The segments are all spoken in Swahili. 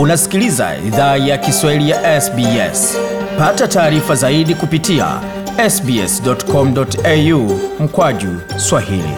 Unasikiliza idhaa ya Kiswahili ya SBS. Pata taarifa zaidi kupitia sbs.com.au mkwaju Swahili.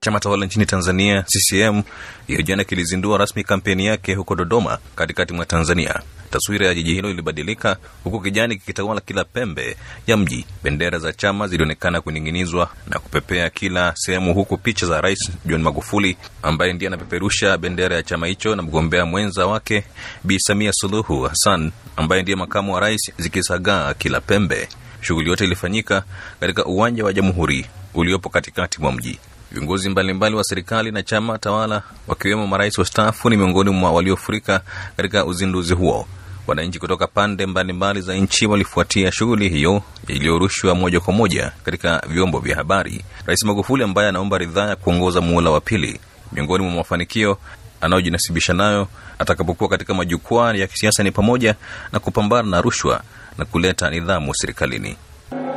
Chama tawala nchini Tanzania CCM hiyo jana kilizindua rasmi kampeni yake huko Dodoma, katikati mwa Tanzania. Taswira ya jiji hilo ilibadilika, huku kijani kikitawala kila pembe ya mji. Bendera za chama zilionekana kuning'inizwa na kupepea kila sehemu, huku picha za Rais John Magufuli ambaye ndiye anapeperusha bendera ya chama hicho na mgombea mwenza wake Bi Samia Suluhu Hassan ambaye ndiye makamu wa rais zikisagaa kila pembe. Shughuli yote ilifanyika katika uwanja wa Jamhuri uliopo katikati mwa mji. Viongozi mbalimbali wa serikali na chama tawala wakiwemo marais wastaafu ni miongoni mwa waliofurika katika uzinduzi huo. Wananchi kutoka pande mbalimbali za nchi walifuatia shughuli hiyo iliyorushwa moja kwa moja katika vyombo vya habari. Rais Magufuli ambaye anaomba ridhaa ya kuongoza muhula wa pili, miongoni mwa mafanikio anayojinasibisha nayo atakapokuwa katika majukwaa ya kisiasa ni pamoja na kupambana na rushwa na kuleta nidhamu serikalini.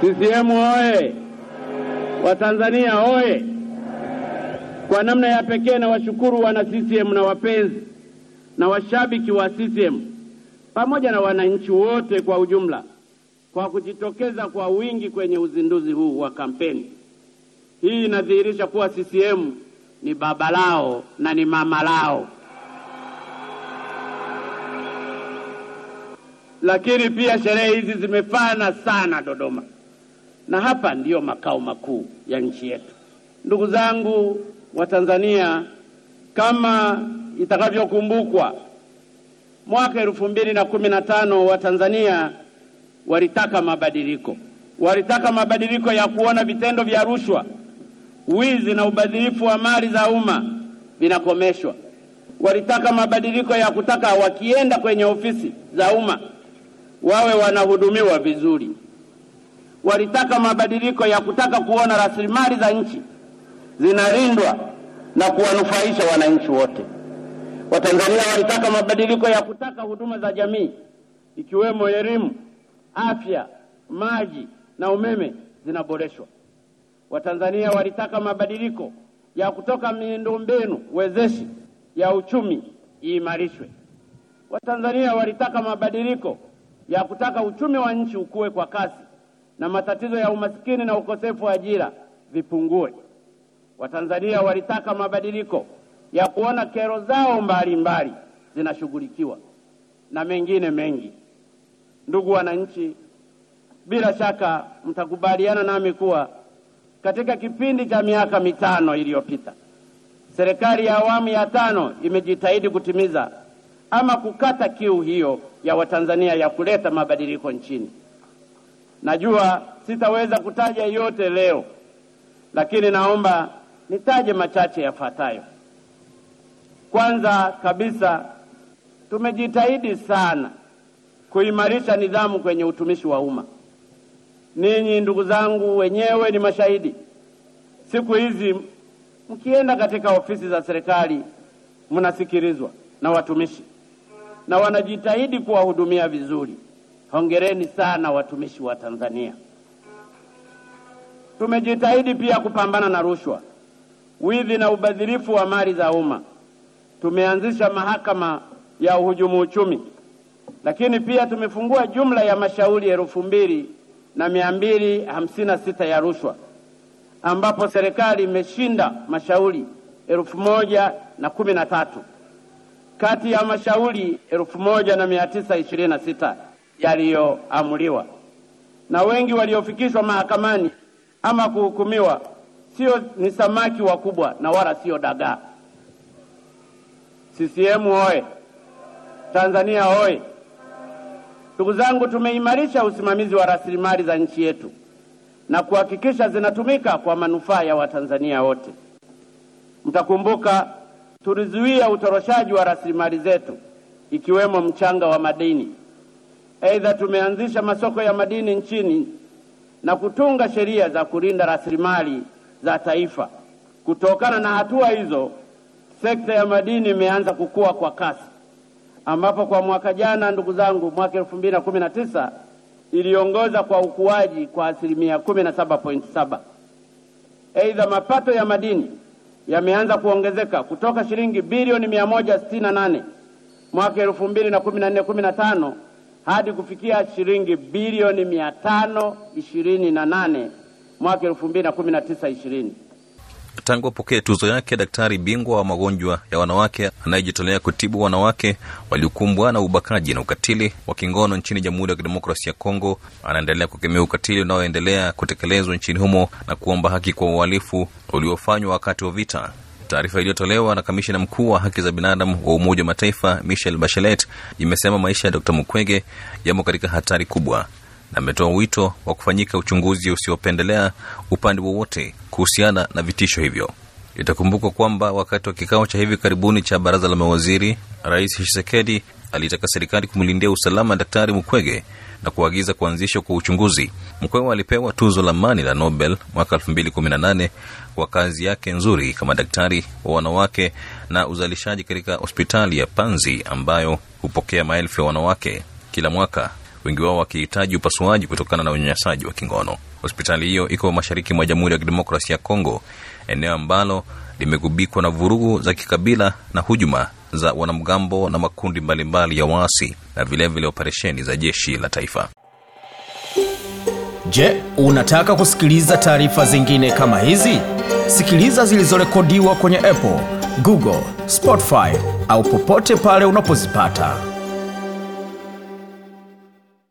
CCM oye! Watanzania oye! Kwa namna ya pekee na washukuru wana CCM na wapenzi na washabiki wa CCM pamoja na wananchi wote kwa ujumla kwa kujitokeza kwa wingi kwenye uzinduzi huu wa kampeni. Hii inadhihirisha kuwa CCM ni baba lao na ni mama lao. Lakini pia sherehe hizi zimefana sana Dodoma, na hapa ndiyo makao makuu ya nchi yetu. Ndugu zangu wa Tanzania, kama itakavyokumbukwa mwaka elfu mbili na kumi na tano Watanzania walitaka mabadiliko, walitaka mabadiliko ya kuona vitendo vya rushwa, wizi na ubadhirifu wa mali za umma vinakomeshwa. Walitaka mabadiliko ya kutaka wakienda kwenye ofisi za umma wawe wanahudumiwa vizuri. Walitaka mabadiliko ya kutaka kuona rasilimali za nchi zinalindwa na kuwanufaisha wananchi wote. Watanzania walitaka mabadiliko ya kutaka huduma za jamii ikiwemo elimu, afya, maji na umeme zinaboreshwa. Watanzania walitaka mabadiliko ya kutoka miundombinu wezeshi ya uchumi iimarishwe. Watanzania walitaka mabadiliko ya kutaka uchumi wa nchi ukue kwa kasi na matatizo ya umasikini na ukosefu wa ajira vipungue. Watanzania walitaka mabadiliko ya kuona kero zao mbalimbali zinashughulikiwa na mengine mengi. Ndugu wananchi, bila shaka mtakubaliana nami kuwa katika kipindi cha miaka mitano iliyopita serikali ya awamu ya tano imejitahidi kutimiza ama kukata kiu hiyo ya Watanzania ya kuleta mabadiliko nchini. Najua sitaweza kutaja yote leo, lakini naomba nitaje machache yafuatayo. Kwanza kabisa tumejitahidi sana kuimarisha nidhamu kwenye utumishi wa umma. Ninyi ndugu zangu wenyewe ni mashahidi. Siku hizi mkienda katika ofisi za serikali mnasikilizwa na watumishi na wanajitahidi kuwahudumia vizuri. Hongereni sana watumishi wa Tanzania. Tumejitahidi pia kupambana na rushwa, wizi na ubadhirifu wa mali za umma tumeanzisha mahakama ya uhujumu uchumi, lakini pia tumefungua jumla ya mashauri elfu mbili na mia mbili hamsini na sita ya rushwa ambapo serikali imeshinda mashauri elfu moja na kumi na tatu kati ya mashauri elfu moja na mia tisa ishirini na sita yaliyoamuliwa, na wengi waliofikishwa mahakamani ama kuhukumiwa sio ni samaki wakubwa na wala sio dagaa. CCM oye! Tanzania oye! Ndugu zangu, tumeimarisha usimamizi wa rasilimali za nchi yetu na kuhakikisha zinatumika kwa manufaa ya Watanzania wote. Mtakumbuka tulizuia utoroshaji wa rasilimali zetu ikiwemo mchanga wa madini. Aidha, tumeanzisha masoko ya madini nchini na kutunga sheria za kulinda rasilimali za taifa. Kutokana na hatua hizo sekta ya madini imeanza kukua kwa kasi, ambapo kwa mwaka jana, ndugu zangu, mwaka 2019 iliongoza kwa ukuaji kwa asilimia 17.7. Aidha, mapato ya madini yameanza kuongezeka kutoka shilingi bilioni nane mwaka 2014/15 hadi kufikia shilingi bilioni nane mwaka 2019/20 tangu apokee tuzo yake daktari bingwa wa magonjwa ya wanawake anayejitolea kutibu wanawake waliokumbwa na ubakaji na ukatili wa kingono nchini Jamhuri ya Kidemokrasia ya Kongo, anaendelea kukemea ukatili unaoendelea kutekelezwa nchini humo na kuomba haki kwa uhalifu uliofanywa wakati wa vita. Taarifa iliyotolewa na kamishina mkuu wa haki za binadamu wa Umoja wa Mataifa michel Bachelet imesema maisha ya Dr Mukwege yamo katika hatari kubwa na ametoa wito wa kufanyika uchunguzi usiopendelea upande wowote kuhusiana na vitisho hivyo. Itakumbukwa kwamba wakati wa kikao cha hivi karibuni cha baraza la mawaziri, Rais Tshisekedi alitaka serikali kumlindia usalama Daktari Mukwege na kuagiza kuanzishwa kwa uchunguzi. Mukwege alipewa tuzo la amani la Nobel mwaka 2018 kwa kazi yake nzuri kama daktari wa wanawake na uzalishaji katika hospitali ya Panzi ambayo hupokea maelfu ya wanawake kila mwaka wengi wao wakihitaji upasuaji kutokana na unyanyasaji wa kingono. Hospitali hiyo iko mashariki mwa Jamhuri ya Kidemokrasia ya Kongo, eneo ambalo limegubikwa na vurugu za kikabila na hujuma za wanamgambo na makundi mbalimbali ya waasi na vilevile operesheni za jeshi la taifa. Je, unataka kusikiliza taarifa zingine kama hizi? Sikiliza zilizorekodiwa kwenye Apple, Google, Spotify au popote pale unapozipata.